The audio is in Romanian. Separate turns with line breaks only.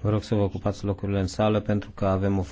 vă rog să vă ocupați locurile în sală pentru că avem o